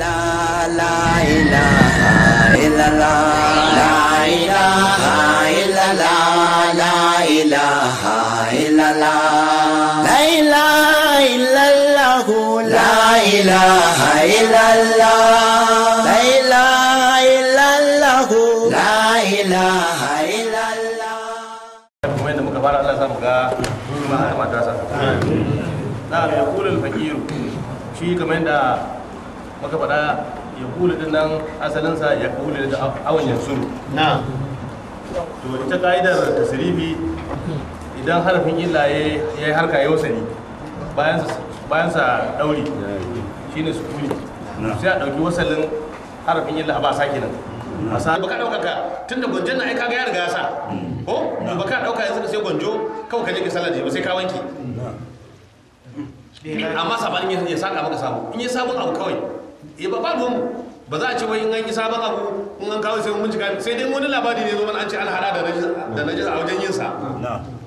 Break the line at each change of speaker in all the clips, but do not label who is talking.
la la ilaha illallah la ilaha illallah la kamar yadda maka faɗa ya kula din nan asalinsa ya kula da awon yanzu na to ita ka'idar tasirifi idan harafin illa ya yi harka yau sani bayan sa dauri shi ne kuni sai a ɗauki wasalin harafin illa ba sa kenan a sa baka ɗauka ka tun da gwanjon na aika ga ya riga mm. ko baka ɗauka yanzu ka sai gwanjo kawai ka je ka ba sai ka wanke amma sabanin ya saka maka sabo in yi sabon abu kawai ya ba ba ruwanmu ba za a ce wani yanki yi sabon abu in an kawo sai mun bincika sai dai wani labari ne zo mana an ce alhara hada da najis a wajen yin sa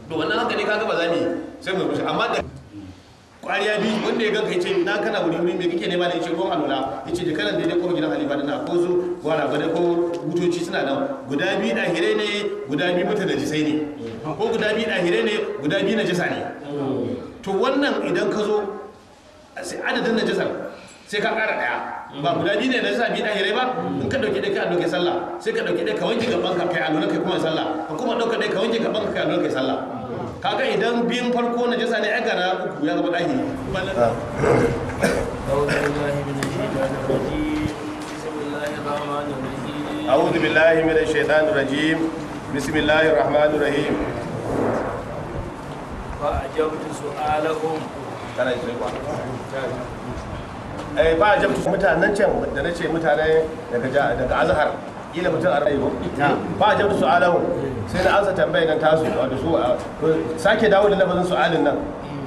to wannan haka ne kaga ba za mu yi sai mu rushe amma da kwariya bi wanda ya ganka yace na kana wuri wuri me kike nema da yace ko alula yace je kana daidai ko gidan halifa dana ko zu gwara gwada ko butoci suna nan guda biyu hire ne guda biyu da najisai ne ko guda biyu hire ne guda biyu jisa ne to wannan idan ka zo sai adadin na jisa sai ka kara daya ba guda biyu ne na sa biyu ɗahirai ba in ka ɗauki ɗaya ka ɗauke sallah sai ka ɗauki ɗaya ka wanke gaban ka kai alwala kai kuma sallah ka kuma ɗauka ɗaya ka wanke gaban ka kai alwala kai sallah kaga idan biyun farko na jasa ne aga na uku ya zama ɗahiri أعوذ بالله من الشيطان الرجيم بسم الله الرحمن الرحيم فأجبت سؤالهم Eh, ba a jamtu mutanen can da na ce mutane daga azhar kila mutum a rayu ba a jamtu su'alahu sai na ansa tambaya nan tasu wato su sake dawo da lafazin su'alin nan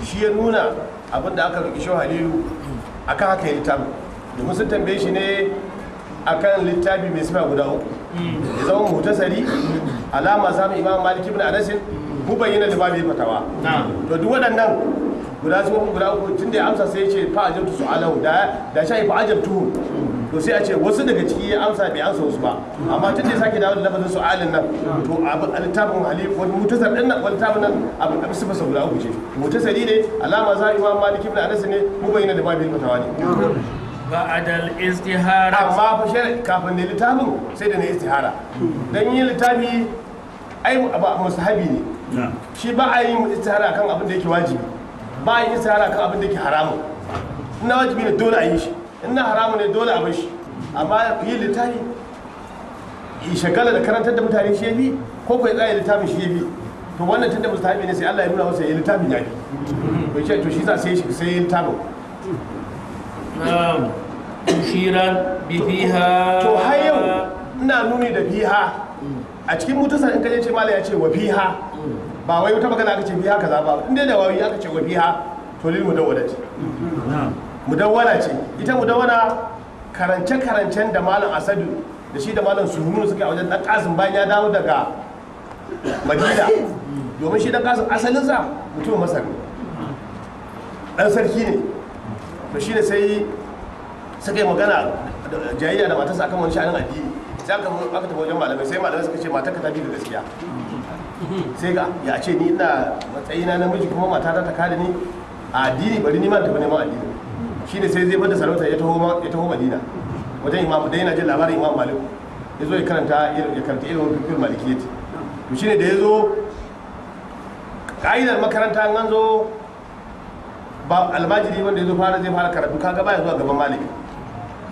shi ya nuna abin da aka kisho halilu akan haka ya littafi domin sun tambaye shi ne akan littafi mai sima guda uku ya zama mutasari alama samun imam malik ibn anasin mu bayyana da babu fatawa to duk waɗannan guda su guda uku tun da ya amsa sai ya ce fa ajabtu su'alahu da da sha'i fa ajabtuhu to sai a ce wasu daga ciki ya amsa bai amsa wasu ba amma tun da ya sake dawo da lafazin su'alin nan to abu littafin ali wani mutasar din nan wani littafin nan abu da su fasa guda uku ce mutasari ne alama za imam malik ibn anas ne mu bayyana da babin mutawa ne ba'adal istihara amma fa kafin ne littafin sai da ne istihara dan yin littafi ai ba mustahabi ne shi ba a istihara kan abin da yake wajibi ba yin isra'ila kan abin da ke haramun ina wajibi ne dole a yi shi ina haramun ne dole a shi amma yi littafi shagala da karantar da mutane shi ya bi ko kai tsaye littafin shi ya bi to wannan tun da mustahabi ne sai Allah ya nuna masa ya littafin ya bi bai ce to shi za sai shi sai littafin na'am tushiran bi fiha to har yau ina nuni da fiha a cikin mutasar in kaje ce mala ya ce wa fiha ba wai wata magana aka ce biya kaza ba in dai da wawi aka ce wa biya to lil mudawwala ce mudawwala ce ita mudawwala karance karancen da malam asadu da shi da malam suhunu suka wajen dan kasim bayan ya dawo daga madina domin shi dan kasim sa mutum masar dan sarki ne to shi ne sai suka yi magana jayayya da matarsa akan wani sha'anin addini sai aka tafi wajen malamai sai malamai suka ce matarka ta bi da gaskiya sai ga ya ce ni ina matsayina namiji kuma mata ta kada ni a addini bari ni ma tafi neman addini ne sai zai bada sarauta ya taho ya taho Madina wajen imamu dai yana jin labarin imamu Malik ya zo ya karanta ya karanta ilimin fiqh malikiyyati to ne da ya zo ka'idar makaranta an zo ba almajiri wanda ya zo fara zai fara karatu kaga ya zuwa gaban Malik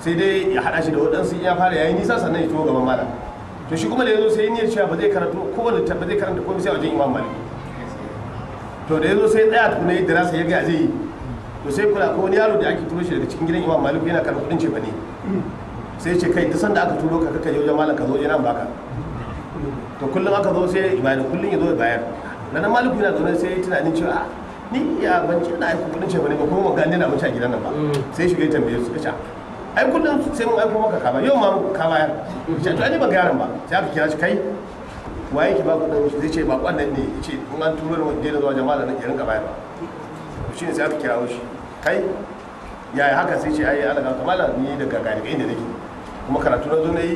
sai dai ya hada shi da waɗansu ya fara yayi nisa sannan ya taho gaban Malam. to shi kuma da yazo sai ne cewa ba zai karanta ko wanda ba zai karanta komai sai wajen imam malik to da yazo sai tsaya tukuna yi darasa ya ga zai yi to sai kula ko wani yaro da ake turo shi daga cikin gidan imam malik yana karɓar kudin ce ba ne sai ce kai duk sanda aka turo ka kaka je wajen malam ka zo wajen baka to kullum aka zo sai ibada kullum ya zo ya bayar ranar malik yana zaune sai ya tunanin cewa ah, ni ya ban ce da aiki kudin ce ba ne ba kuma ban gane na mace a gidan nan ba mm. sai shi ga tambaye su kace ai kullum sai mun aiko maka ka yau ma ka bayar ce to ani ba gyaran ba sai aka kira shi kai waye ki ba kudin shi zai ce ba kwannan ne ya ce in an turo da wanda daina zuwa jama'a da nan irin ka ba to shine sai aka kira shi kai yaya haka sai ce ai Allah alaga kamala ni daga gari ga inda nake kuma karatu na zo na yi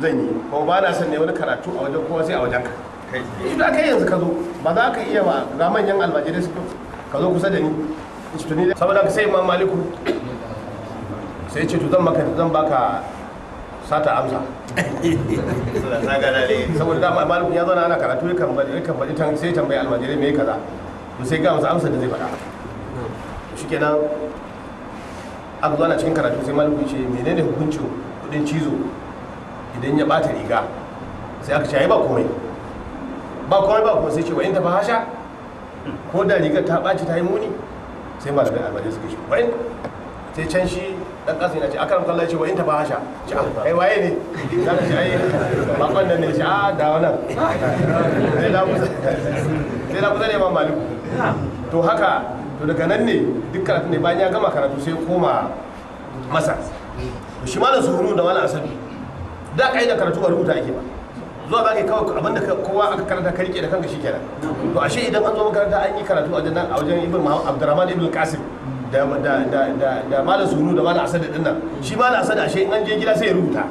zan yi kuma ba na san ne wani karatu a wajen kowa sai a wajen ka kai idan kai yanzu ka zo ba za ka iya ba ga manyan almajirai su ka zo kusa da ni saboda ka sai imam maliku sai ce to zan maka zan baka sata amsa saboda dama malikun ya zauna ana karatu ya kan bari kan bari tan sai tambaye almajiri me kaza to sai ga masa amsa da zai faɗa shikenan aka zo ana cikin karatu sai malikun ce menene hukuncin kudin cizo idan ya bata riga sai aka ce ba komai ba komai ba kuma sai ce wa in ta fahasha ko da rigar ta ɓaci ta yi muni sai malamai almajirai suka ce sai can shi dan kasa yana ce kallon shi ce wa ta ba hasha ce ah, kai waye ne za ka a ai bakon nan ne ci a ah, da wannan sai da kusa sai da ne ma maliku to haka to daga nan ne duk karatu ne bayan ya gama karatu sai koma masa to shi malam zuhuru da malam asabi da kai da karatu a rubuta ake ba zuwa ba kai kawai da kowa aka karanta ka rike da kanka kenan to ashe idan an zo makaranta an yi karatu a wajen ibn Abdurrahman ibn Qasim da da malam suru da malam asad dinnan shi malam asad ashe in an je gida sai ya rubuta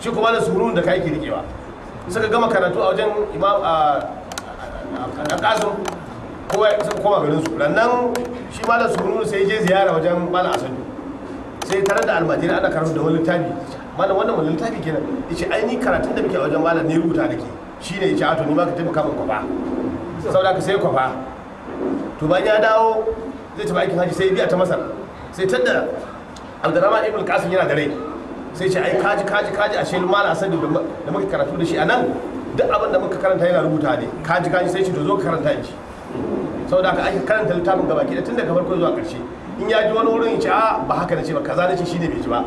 shi kuma malam suru da kai ke rikewa suka gama karatu a wajen imam a kasim kowa suka koma garin su rannan shi malam suru sai je ziyara wajen malam asad sai tare da almajiri ana karatu da wani littafi malam wannan wani littafi kenan yace ai ni karatun da muke a wajen malam ne rubuta nake shine yace a to ni ma ka taimaka min kwafa saboda ka sai kwafa to bayan ya dawo zai tafi aikin haji sai biya ta masar sai tadda abdurrahman ibn qasim yana da rai sai ce ai kaji kaji kaji ashe mala asadi da muka karatu da shi anan duk abin da muka karanta yana rubuta ne kaji kaji sai ce to zo ka karanta shi saboda haka ake karanta littafin gaba ki tun daga farko zuwa karshe in ya ji wani wurin ya ce a ah, ba haka na ce ba kaza na ce shi ne bai ji ba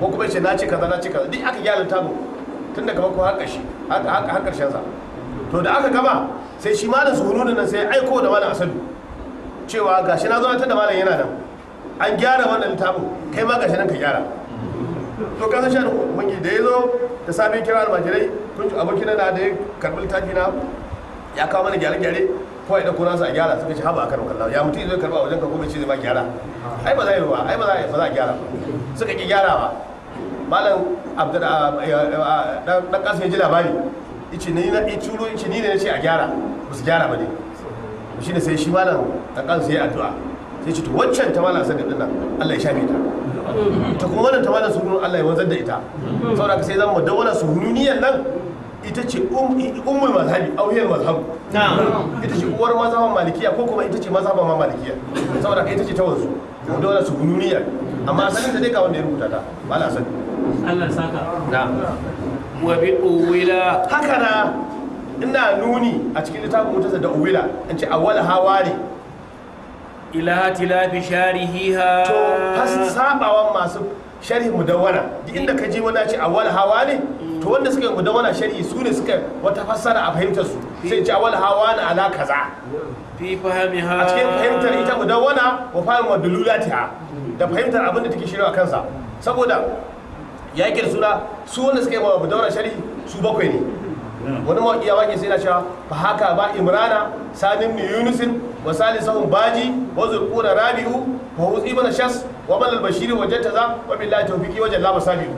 ko kuma ya ce na ce kaza na ce kaza duk aka gyara littafin tun daga farko har ƙarshe har ƙarshen sa to da aka gama sai shi malam da nan sai aiko da malam asadu cewa gashi na zo na da malam yana nan an gyara wannan littafin kai ma gashi nan ka gyara to shi mun yi da ya zo da sabin kira almajirai kun ci abokin na da ya karbi littafi na ya kawo mana gyare-gyare kawai da kuna a gyara suka ci haba a karin kallon ya mutum zai a wajen ka kuma ce zai ma gyara ai ba za yi ruwa ai ba za a gyara suka ki gyarawa malam dan kasu ya ji labari ichi ne na ichi ice ni ne ce a gyara ba su gyara ba ne shi ne sai shi malam ta kan ya addu'a sai ce to waccan ta malam sanin dinnan Allah ya shafe ta ta kuma wannan ta malam sunun Allah ya wanzar da ita saboda ka sai zan mu dawala sununiyan nan ita ce um, ummul mazhabi auyar mazhabu ita ce uwar mazhaban malikiya ko kuma ita ce mazhaban ma malikiya saboda ka ita ce ta wanzu dawala sununiyan amma sanin ta dai ga wanda ya rubuta ta malam sanin Allah saka na wa bi uwila haka na ina nuni a cikin littafin mutasa da uwila in ce awwal hawa ne ila tilafi sharihiha to has sabawan masu sharhi mudawwana duk inda ka ji wani ce awwal hawa ne to wanda suka mudawwana sharhi su ne suka wata fassara a fahimtar su sai ce awwal hawa na ala kaza fi fahimha a cikin fahimtar ita mudawwana wa fahimwa dululatiha da fahimtar abin da take shirya kansa saboda yakin suna su wanda suka yi wa mudawwana sharhi su bakwai ne wani mawaƙi ya waƙe sai na cewa fa haka ba imrana sanin ni yunusin wa salisahum baji wa zulquna rabi'u wa hutsi mana shas wa bal al bashiri wa jattaza wa billahi tawfiqi wa jalla masalihu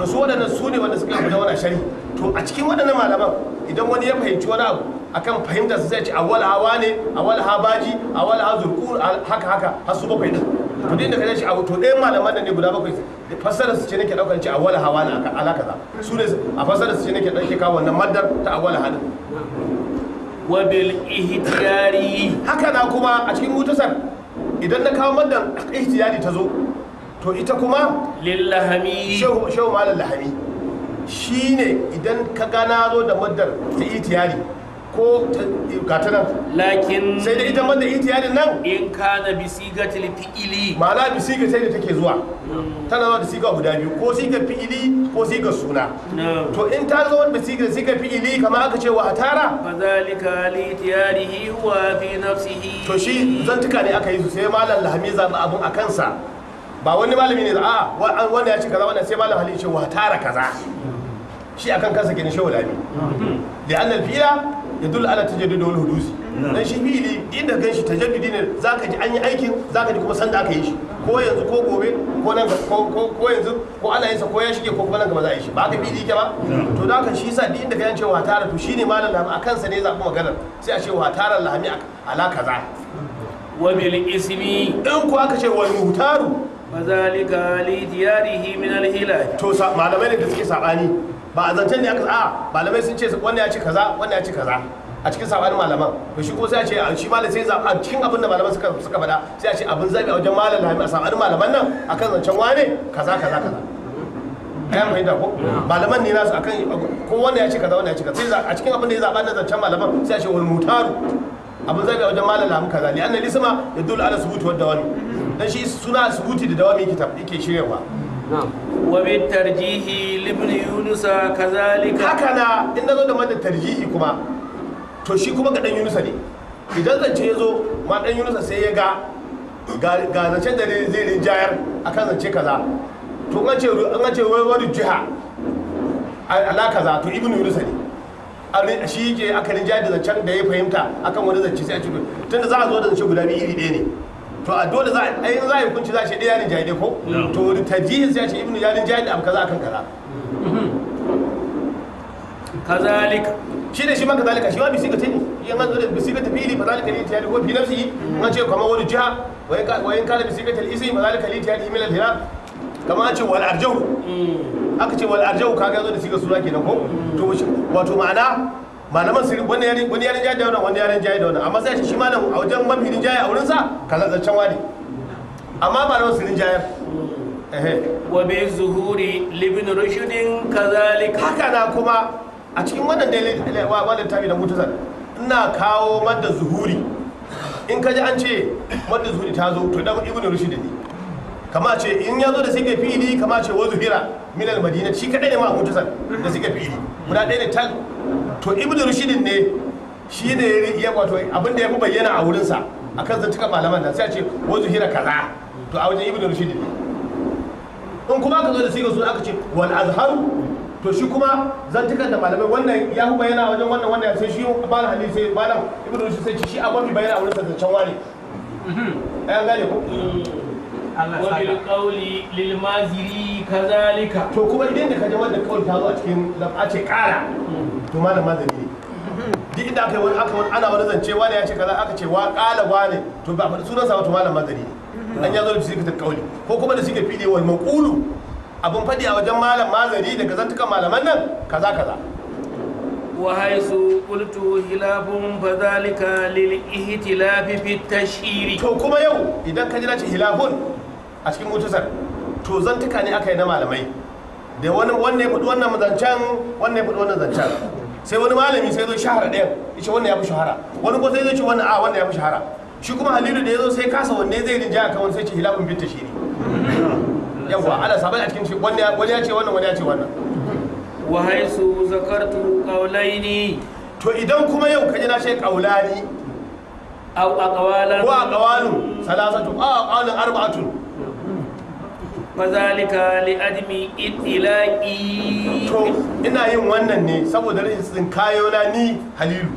to su wadannan su ne wanda suka fita wannan shari to a cikin wadannan malaman idan wani ya fahimci wani abu akan fahimtar sai ya ce awwal hawa ne awwal ha baji awwal ha zulqur haka haka har su bakwai din to din da kaje shi abu to ɗayan malaman nan ne guda bakwai fassarar su ce nake daukar ci awwala hawala aka za su ne a fassarar su ce nake dauke kawo wannan maddar ta awwala hada wa bil ihtiyari haka na kuma a cikin mutusar idan na kawo maddar ihtiyari ta zo to ita kuma lillahami shehu malam lahami shine idan ka gana zo da maddar ta ihtiyari ko katana. nan lakin sai da ita banda itiyadin nan in kana bi sigatil fi'ili ma'ana bi siga sai da take zuwa tana zuwa da siga guda biyu ko siga fi'ili ko siga suna to in ta zo da siga siga fi'ili kamar aka ce wa atara fa li tiyarihi huwa fi nafsihi to shi tuka ne aka yi su sai malam lahmi zaba abun a kansa ba wani malami ne a wanda ya ce kaza wanda sai malam halin ce wa tara kaza shi akan kansa ke ne shehu da annal fiya ya dula ala tajaddudu wal hudusi dan shi fi'ili inda gan shi tajaddudi ne zaka ji an yi aikin zaka ji kuma sanda aka yi shi ko yanzu ko gobe ko nan ko yanzu ko ana yin sa ko ya shige ko kuma nan gaba za a yi shi ba ka fi'ili ke ba to da kan shi yasa duk inda gan cewa tara to shine malam lahami a kansa ne zaɓi magana sai a ce wa tara lahami ala kaza wa bil ismi in ko aka ce wal muhtaru fazalika li diyarihi min al hilal to malamai ne da suke sabani ba a zancen ne aka a malamai sun ce wannan ya ci kaza wannan ya ci kaza a cikin sabanin malaman to shi ko sai a ce shi malamai sai zaɓa a cikin abin da malaman suka suka faɗa sai a ce abin zaɓi a wajen malam lami a sabanin malaman nan akan zancen wane kaza kaza kaza kayan fahimta ko malaman ne nasu akan ko wanda ya ci kaza wanda ya ci kaza sai a cikin abin da ya zaɓa na zancen malaman sai a ce wal mutaru abin zaɓi a wajen malam lami kaza li anna lisma yadullu ala subuti wadda dawami dan shi suna subuti da dawami kitab yake shiryarwa ومن ترجيح لابن يونس كذلك هكذا إن ذا من الترجيح كما تشي كما قد يونس idan إذا ذا جيزو ما قد يونس ya ga zancen da zai rinjayar a zance kaza to an ce wai wani jiha ala kaza to ibn yunus ne shi ke aka rinja da zancen da ya fahimta akan wani zance sai a cikin tunda za a zo da zance guda biyu iri ne to a dole za a yi za a yi hukunci za a shi ɗaya jayi ne ko to tajihin sai a shi ibnu ya rinjaye da abu kaza akan kaza kazalika shi ne shi ma kazalika shi ma bisi ka tani yan an zuwa da bisi ka ili ba zalika ne ta yadi ko fi nafsi an ce kamar wani jiha wa kada kana bisi ka talisi ba zalika ne ta yadi min al-hilal kamar an ce wal arjahu hmm. aka ce wal arjahu kaga zo da siga sura kenan ko hmm. to wato ma'ana malaman sirri wani yarin wani yarin jayi da wannan wani yarin jayi da wannan amma sai shi malam a wajen mafi jayi a wurin sa kaza can wani amma malaman sirrin jayar wa bi zuhuri libin rushudin kazalika haka na kuma a cikin wannan wa wannan tabi da mutazal ina kawo madda zuhuri in kaji an ce madda zuhuri ta zo to dan ibnu rushd ne kama ce in ya zo da suke fili kama ce wa zuhira min al madina shi kadai ne ma mutazal da suke fili guda ɗaya ne tal to ibn rushidin ne shi ne ya wato abinda ya fi bayyana a wurinsa a kan cika malaman nan sai a ce wa zuhira kaza to a wajen ibn rushidin ne in kuma ka zo da sigar suna aka ce wal azharu to shi kuma zantukan da malamai wannan ya fi bayyana a wajen wannan wannan sai shi malam halil sai malam ibn rushid sai shi a mafi bayyana a wurinsa can wani ɗayan mhm. gane ko wabilƙauli lilmaziri kazalika to kuma idan da ka ji wannan kawai ta zo a cikin lam'a ce ƙara mm. to malam madani ne duk inda aka yi wani aka wani ana wani zance wani ya ce kaza aka ce wa kala wani to ba faɗi sunan sa wato malam madani ne an ya zo da shi ka kauli ko kuma da shi ke fili wal maqulu abun faɗi a wajen malam mazari daga zantukan malaman nan kaza kaza وحيث قلت هلاب lil ihtilaf fi التشهير to kuma yau idan ka ji ce hilafun a cikin mutusar to zantuka ne aka yi na malamai da wani wannan ya wannan zancen wannan ya fudu wannan zancen sai wani malami sai zo shahara ɗaya ya ce wannan ya fi shahara wani ko sai zai ce wannan a ah, wannan ya fi shahara shi kuma halilu da ya zo sai kasa wanne zai rinja a kawai sai ce hilafin binta shi ne yawwa ala sabai a cikin shi wani ya ce wannan wani ya ce wannan wa haisu zakartu qaulaini to idan kuma yau kaji na ce kaulani aw aqwalan wa aqwalu salasatu aw aqwalan arba'atun fazalika li admi itilaqi to ina yin wannan ne saboda rashin tsinkayo na ni halilu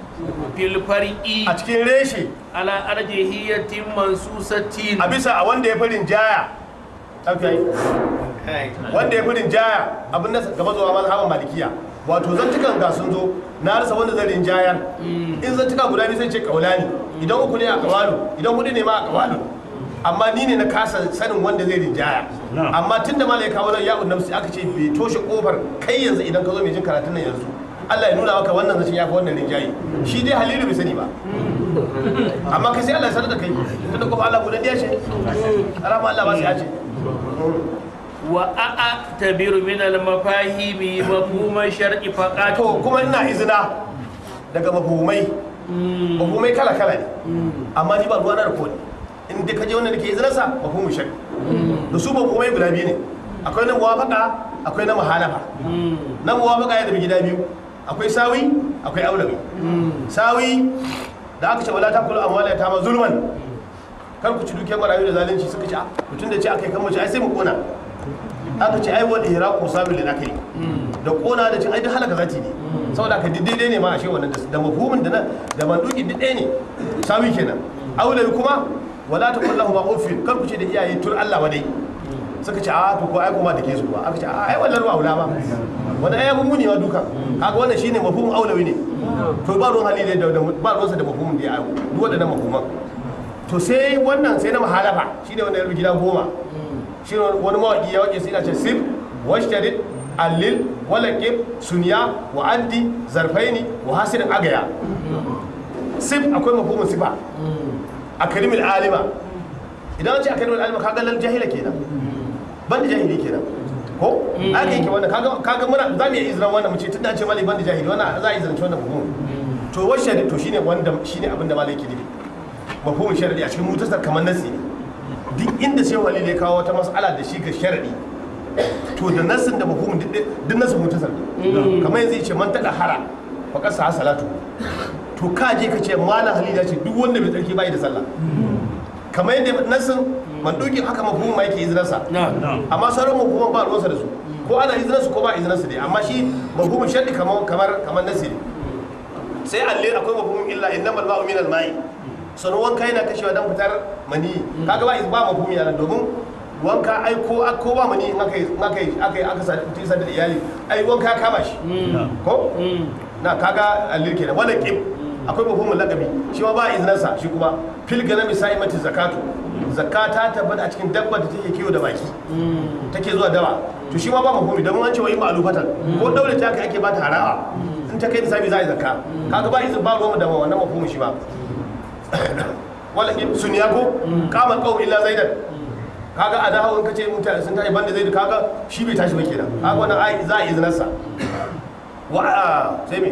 fil far'i a cikin reshe ala arjihiyatin mansusatin a bisa a wanda ya farin jaya wanda ya farin jaya abin da gaba zuwa mazhabin malikiya wato zantukan ga sun zo na rasa wanda zan rinjayar mm. in zantuka guda biyu sai ce kaulani idan uku ne a kawalu idan hudu ne ma a kawalu amma ni ne na kasa sanin wanda zai rinjaya amma tunda malai kawo nan ya'un nafsi aka ce bai toshe kofar kai yanzu idan ka zo mai jin karatun nan yanzu Allah ya nuna maka wannan zai ya fi wannan rinjaye shi dai halilu bai sani ba amma kai sai Allah ya sanar da kai tunda kofar Allah gudan ya ce alama Allah ba sai ya ce wa a'a tabiru min al-mafahimi kuma shar'i faqat to kuma ina izina daga mafhumai hmm. mafhumai kala kala ne hmm. amma ni ba ruwa na da kodi in kaje wannan da ke izinarsa mafhumin shari da su komai guda biyu ne akwai na wafaka akwai na muhalafa na wafaka ya tafi gida biyu akwai sawi akwai aulabi. sawi da aka ce wala ta kula amwala ta ma zulman kar ku ci duke barayi da zalunci suka ci mutum ah, da ce akai yi kan mace ai sai mu kona aka ce ai wal ihraqu sabil akai da kona da cin ai duk halaka zati ne saboda ka dai ne ma ashe wannan da mafhumin da na, da manduki duk ne sawi kenan aulabi kuma wala ta kullahu ma ufin kar ku ce da iyaye tur Allah wadai suka ce a ah, to ko ai kuma ke su ba aka ce a ah, ai wallan ruwa aula ba wannan ai mun ma wa duka kaga wannan shine mafhumul aulawi ne to ba ruwan halile da ba ruwansa da mafhumul da ya duk wadannan mafhuman to sai wannan sai na mahalafa shine wannan yarbi gida goma shine wani mawaki ya wace sai na ce sib washtarid allil walakib sunya wa addi zarfaini wa hasirin agaya sib akwai mafhumin sifa akrimil alima idan an ce akrimil alima kaga lal jahila kenan ban da jahili kenan ko mm. aka ke wannan kaga kaga muna za mu yi izran wannan mu ce tunda an ce mali ban da jahili wannan za a izranci wannan hukumu mm. to washe to shine wanda shine abinda malai yake nufi mafhumin sharadi a cikin mutasar kamar nasi duk inda sai wali ne kawo wata mas'ala da shi ga sharadi to da nasin da mafhumin duk nasin mutasar mm. kamar yanzu ya ce man hara faqad kasa salatu to ka je ka ce malam halila ce duk wanda bai tsarki bai da sallah kamar yadda nasin mandukin haka mafhumin ma yake izinarsa amma sauran mafhumin ba ruwansa da su ko ana izinarsu ko ba izinarsu dai amma shi mafhumin shaddi kamar kamar kamar nasi sai alli akwai mafhumin illa innamal ma'u min al ma'i sanin wanka yana kashewa dan fitar mani kaga ba ba mafhumi nan domin wanka ai ko ko ba mani in aka yi aka yi aka sa da iyali ai wanka ya kama shi mm. ko mm. na kaga alli kenan wala kim akwai mafhumul lagabi shi ma ba izinin sa shi kuma fil ganami sa'imati zakatu zakata ta bada a cikin dabba da take kiwo da baki mm. take zuwa dawa to shi ma ba mafhumi don an ce wa imma alufatan mm. ko daure ta kai ake bata harawa mm. in ta kai nisabi za a yi zakka kaga ba izin ba ruwan da wannan mafhumin shi ba wala sun ya ko kama qaum illa zaidan kaga a dawo in kace mutane sun tashi banda zaidu kaga shi bai tashi ba kenan kaga wannan za a izinin sa wa ah, sai me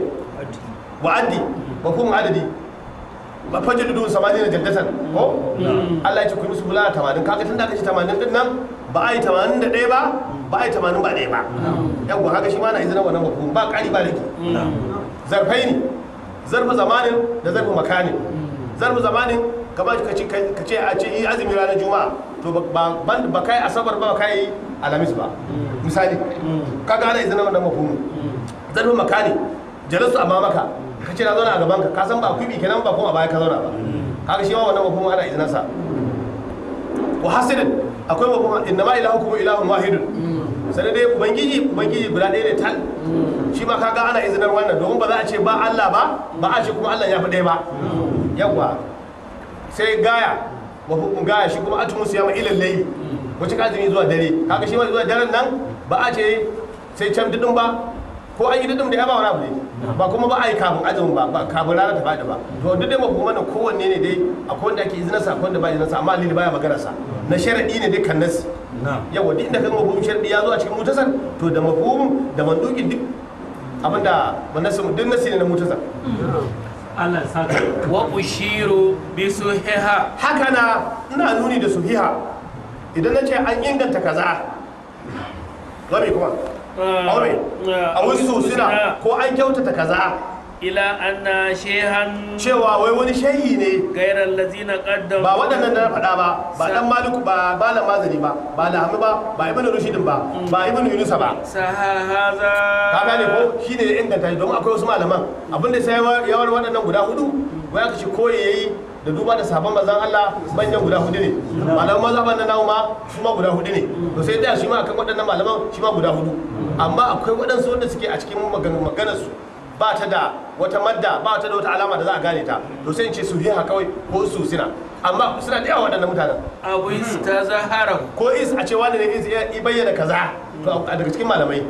wa'addi mafhum adadi ba jiddu dun samani na jaddatan ko Allah ya ce ku musu bulala tamanin kaga tun da aka tamanin din nan ba a yi tamanin da ɗaya ba ba a yi tamanin ba dai ba yawwa haka shi ma na izina wannan mafhum ba kari ba rage zarfai ne zarfa zamanin da zarfu makanin mm. zarfu zamanin kamar ka ce a ce azumi ranar juma'a to ba kai asabar ba kai alamis ba mm. misali mm. kaga ana izina wannan mafhum zarfu makani jalasu amma maka ka ce na zauna a gaban ka ka san ba bi kenan ba kuma baya ka zauna ba kaga shi ma wannan ba kuma ana izinin sa wa hasidin akwai ba kuma inna ma ilahu kuma ilahun wahidun sai dai ubangiji ubangiji guda ɗaya ne tal shi ma kaga ana izinin wannan domin ba za a ce ba Allah ba ba a ce kuma Allah ya fi ɗaya ba yawwa sai gaya wa hukun gaya shi kuma atumu siyama ilal layl wace kazumi zuwa dare kaga shi ma zuwa daren nan ba a ce sai can dudun ba ko an yi dindin da ya ba wani abu ne ba kuma ba a yi kafin azumin ba ba kafin rana ta faɗi ba to duk da mafi mana kowanne ne dai a wanda ake a akwai wanda ba sa amma lili baya magana sa na sharaɗi ne dukkan nasi yawa duk inda kan mafi sharaɗi ya zo a cikin mutasar to da mafi da manduki duk abinda manasi duk nasi ne na mutasar Allah ya saka wa ushiru bi suhiha haka na ina nuni da suhiha idan na ce an inganta kaza Rabi kuma Eh, aure eh, wasu suna ko an kyautata kaza ila anna shehan cewa wai wani shehi ne gairar lazina kaddam ba waɗannan da na faɗa ba ba dan maliku ba ba la mazani ba ba la hamu ba ba ibnu rushidin ba mm. ba ibnu yunusa ba sahaza ka gane ko shi ne inganta don akwai wasu malaman abinda sai yawar waɗannan guda hudu ba ya kashi koyi yayi da duba da sabon mazan Allah manyan guda hudu ne malaman mazhaban nan nawo ma ma guda hudu ne to sai da shi ma akan waɗannan malaman shi ma guda hudu amma akwai waɗansu wanda suke a cikin maganarsu ba ta da wata madda ba ta da wata alama da za a gane ta to sai in ce su hiha kawai ko su suna amma suna da yawa waɗannan mutanen abu is ta zahara ko is a ce wani ne is ya bayyana kaza to a daga cikin malamai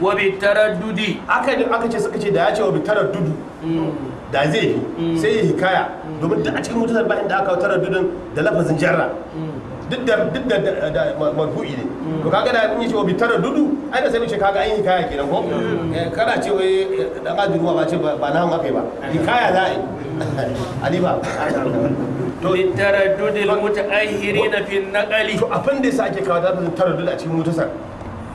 wa bi taraddudi aka aka ce suka ce da ya ce wa bi taraddudu mm. da zai yi mm. sai ya hikaya mm. domin duk a cikin mutanen bayan da aka taraddudin da lafazin jarra duk da duk da marfu'i ne mm. to kaga da in yi cewa bitara dudu ai da sai mun ce kaga an yi kaya kenan ko mm. eh, kana ce wai eh, dan ajuru ba ce ba na hanga kai ba yi kaya za a yi ali ba to dudu taraddudil na fi naqali to abin da yasa ake kawo da taraddud a cikin mutasar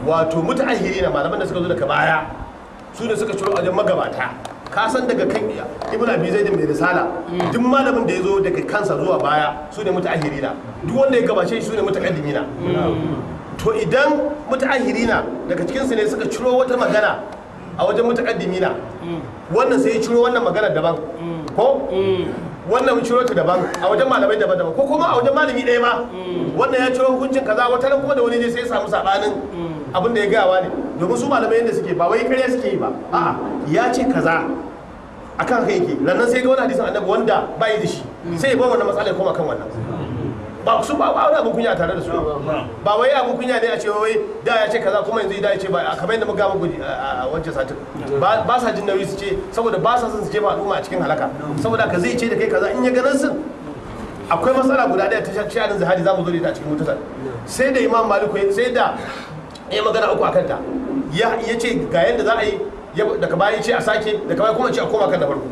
wato na malaman da suka zo daga baya su ne suka ciro a wajen magabata ka san daga kan ibn abi zaid mai risala mm. duk malamin da ya zo daga kansa zuwa baya su ne mutaahirina duk wanda ya gabace shi su ne mutaqaddimina mm. to idan mutaahirina daga cikin su ne suka ciro wata magana a wajen mutaqaddimina mm. wannan sai ya ciro wannan magana daban ko wannan ciro ta daban a wajen malamai daban daban ko kuma a wajen malami ɗaya ma wannan ya ciro hukuncin kaza wata ran kuma da wani ne sai ya samu sabanin abin da ya gawa ne domin su malamai yadda suke ba wai kare suke yi ba a'a ya ce kaza akan kan yake lannan sai ga wani hadisin annabi wanda ba yi dishi sai ya bar wannan matsalar kuma kan wannan ba su ba wani abin kunya tare da su ba wai abin kunya ne a ce wai da ya ce kaza kuma yanzu da ya ce ba kamar yadda muka muku a wancan satin ba sa jin nauyi su ce saboda ba sa sun su ba al'umma a cikin halaka saboda ka zai ce da kai kaza in ya ganin sun akwai matsala guda daya ta shanin zahari za mu zo da ita a cikin mutusan sai da imam maliku sai da ya eh, magana uku a kanta ya ce ga yadda za a yi daga baya ce a sake daga bayan kuma ce a koma kan na farko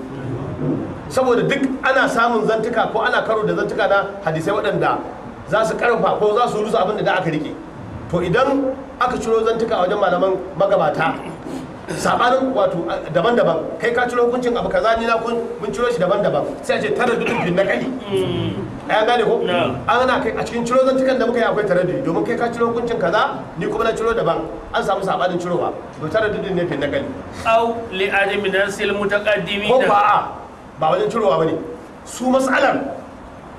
saboda duk ana samun zantuka ko ana karo da zantuka na hadisai waɗanda za su karfa ko za su rusa abin da aka rike to idan aka ciro zantuka a wajen malaman magabata sabanin wato daban-daban kai ka ciro hukuncin abu kaza ni na kun mun ciro shi daban-daban sai a ce tare da dukkan na hmm. kai a gane ko ana kai a cikin ciro zantukan da muka yi akwai tare da domin kai ka ciro hukuncin kaza ni kuma na ciro daban an samu sabanin cirowa to tare da dukkan ne fin na kai au li adami sil mutaqaddimi ko ba a ba wajen cirowa bane su mas'alar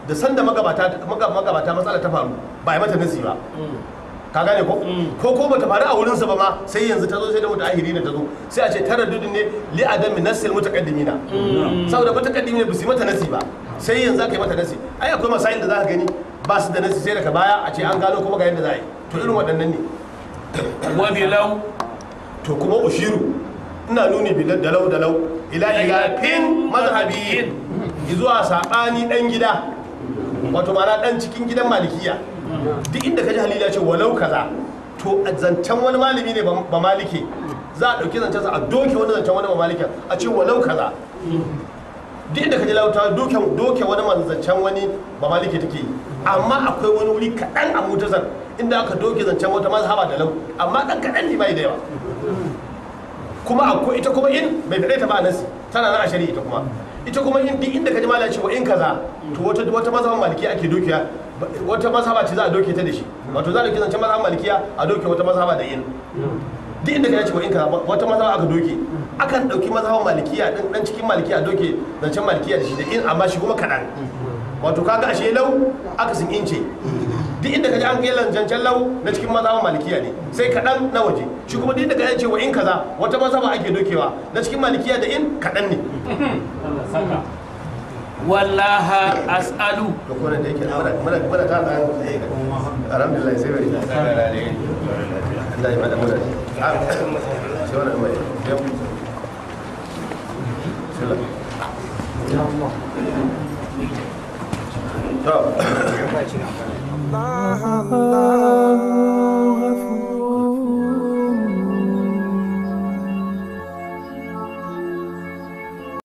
da sanda magabata magabata matsala ta faru ba ya mata nasi ba hmm. ka gane ko mm. ko ko bata faru a wurinsa ba ma sai yanzu ta zo sai da wata ahiri ne ta zo sai a ce taraddudin ne li adami nasil mutaqaddimina mm. saboda mutaqaddimina bisi mata nasi ba sai yanzu aka yi mata nasi ai akwai masayin da zaka gani ba su da nasi sai daga baya a ce an gano kuma ga yadda za a yi to irin waɗannan ne wa lau to kuma ushiru ina nuni bi dalau dalau ila ilafin mazhabiyin zuwa sabani dan gida wato ma'ana dan cikin gidan malikiya duk inda kaji halila ce walau kaza to zancen wani malami ne ba malike za a ɗauki zancensa a doke wani zancen wani ba malike a ce walau kaza duk inda kaji lauta doke wani zancen wani ba malike take yi amma akwai wani wuri kaɗan a mutazar inda aka doke zancen wata mazhaba da lau amma ɗan kaɗan ne bai da yawa kuma akwai ita kuma in bai fi ta ba a nasi tana nan a shari'a ita kuma ita kuma in duk inda kaji ji malaci wa in kaza to wata wata mazhaban maliki ake dokiya wata mazhaba ce za a doke ta da shi wato za a doke zancen mazhaba malikiya a doke wata mazhaba da yin duk inda ka ce wa in kaza wata mazhaba aka doke akan dauki mazhaba malikiya din dan cikin malikiya doke zancen malikiya da shi da in amma shi kuma kadan wato kaga ashe lau aka sun ince duk inda ka ji an gelan zancen lau na cikin mazhaba malikiya ne sai kadan na waje shi kuma duk inda ka ce wa in kaza wata mazhaba ake dokewa na cikin malikiya da in kadan ne wallaha as'alu Allah ah, Allah